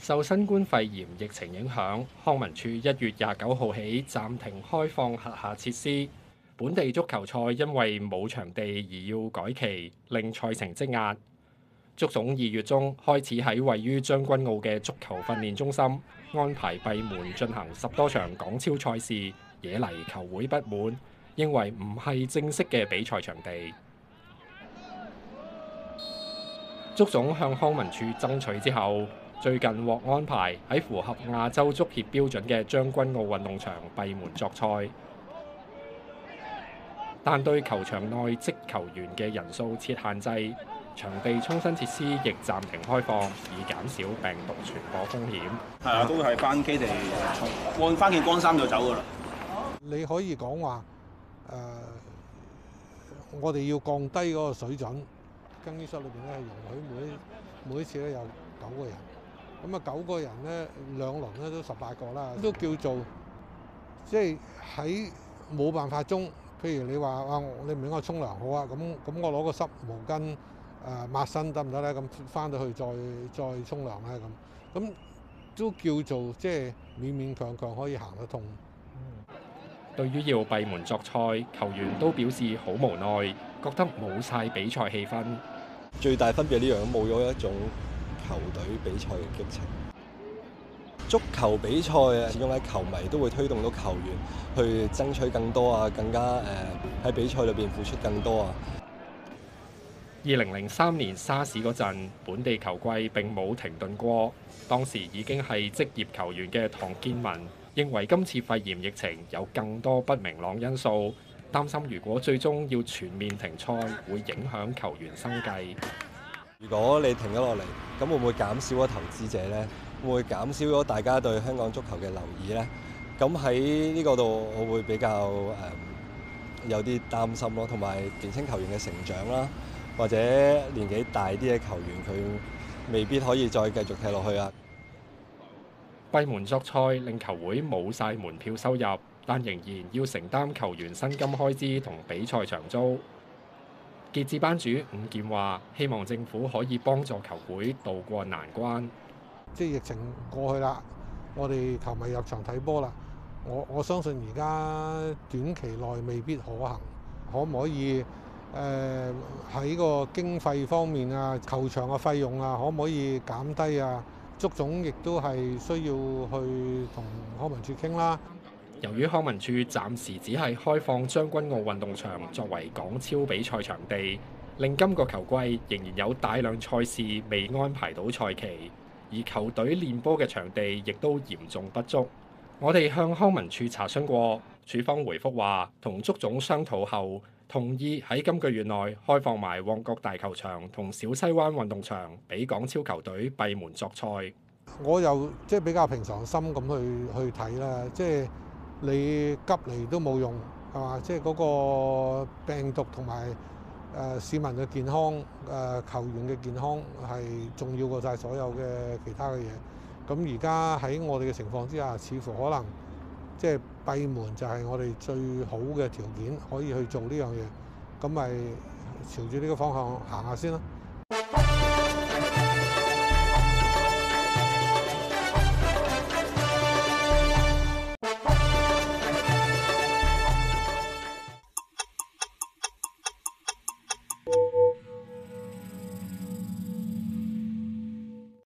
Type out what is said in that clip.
受新冠肺炎疫情影響，康文署一月廿九號起暫停開放轄下設施。本地足球賽因為冇場地而要改期，令賽程積壓。足總二月中開始喺位於將軍澳嘅足球訓練中心安排閉門進行十多場港超賽事，惹嚟球會不滿，認為唔係正式嘅比賽場地。足總向康文署爭取之後，最近獲安排喺符合亞洲足協標準嘅將軍澳運動場閉門作賽，但對球場內職球員嘅人數設限制，場地沖身設施亦暫停開放，以減少病毒傳播風險。係啊，都係翻基地，從換翻件乾衫就走噶啦。你可以講話誒，我哋要降低嗰個水準，更衣室裏邊咧容許每每一次咧有九個人。咁啊，九個人咧，兩輪咧都十八個啦，都叫做即係喺冇辦法中。譬如你話話你唔應該沖涼好啊，咁咁我攞個濕毛巾誒抹身得唔得咧？咁翻到去再再沖涼咧咁，咁都叫做即係勉勉強強可以行得通。對於要閉門作賽，球員都表示好無奈，覺得冇晒比賽氣氛。最大分別呢樣冇咗一種。球隊比賽嘅激情，足球比賽始終喺球迷都會推動到球員去爭取更多啊，更加誒喺比賽裏邊付出更多啊。二零零三年沙士嗰陣，本地球季並冇停頓過。當時已經係職業球員嘅唐建文認為，今次肺炎疫情有更多不明朗因素，擔心如果最終要全面停賽，會影響球員生計。如果你停咗落嚟，咁會唔會減少咗投資者呢？會唔會減少咗大家對香港足球嘅留意呢？咁喺呢個度我會比較誒、um, 有啲擔心咯，同埋年輕球員嘅成長啦，或者年紀大啲嘅球員佢未必可以再繼續踢落去啊。閉門作賽令球會冇晒門票收入，但仍然要承擔球員薪金開支同比賽場租。傑志班主伍健話：希望政府可以幫助球會渡過難關。即係疫情過去啦，我哋球迷入場睇波啦。我我相信而家短期內未必可行，可唔可以？誒、呃、喺個經費方面啊，球場嘅費用啊，可唔可以減低啊？足總亦都係需要去同康文署傾啦。由於康文署暫時只係開放將軍澳運動場作為港超比賽場地，令今個球季仍然有大量賽事未安排到賽期，而球隊練波嘅場地亦都嚴重不足。我哋向康文署查詢過，處方回覆話同足總商討後，同意喺今個月內開放埋旺角大球場同小西灣運動場俾港超球隊閉門作賽。我又即係比較平常心咁去去睇啦，即係。你急嚟都冇用，係嘛？即係嗰個病毒同埋誒市民嘅健康、誒球員嘅健康係重要過晒所有嘅其他嘅嘢。咁而家喺我哋嘅情況之下，似乎可能即係閉門就係我哋最好嘅條件，可以去做呢樣嘢。咁咪朝住呢個方向行下先啦。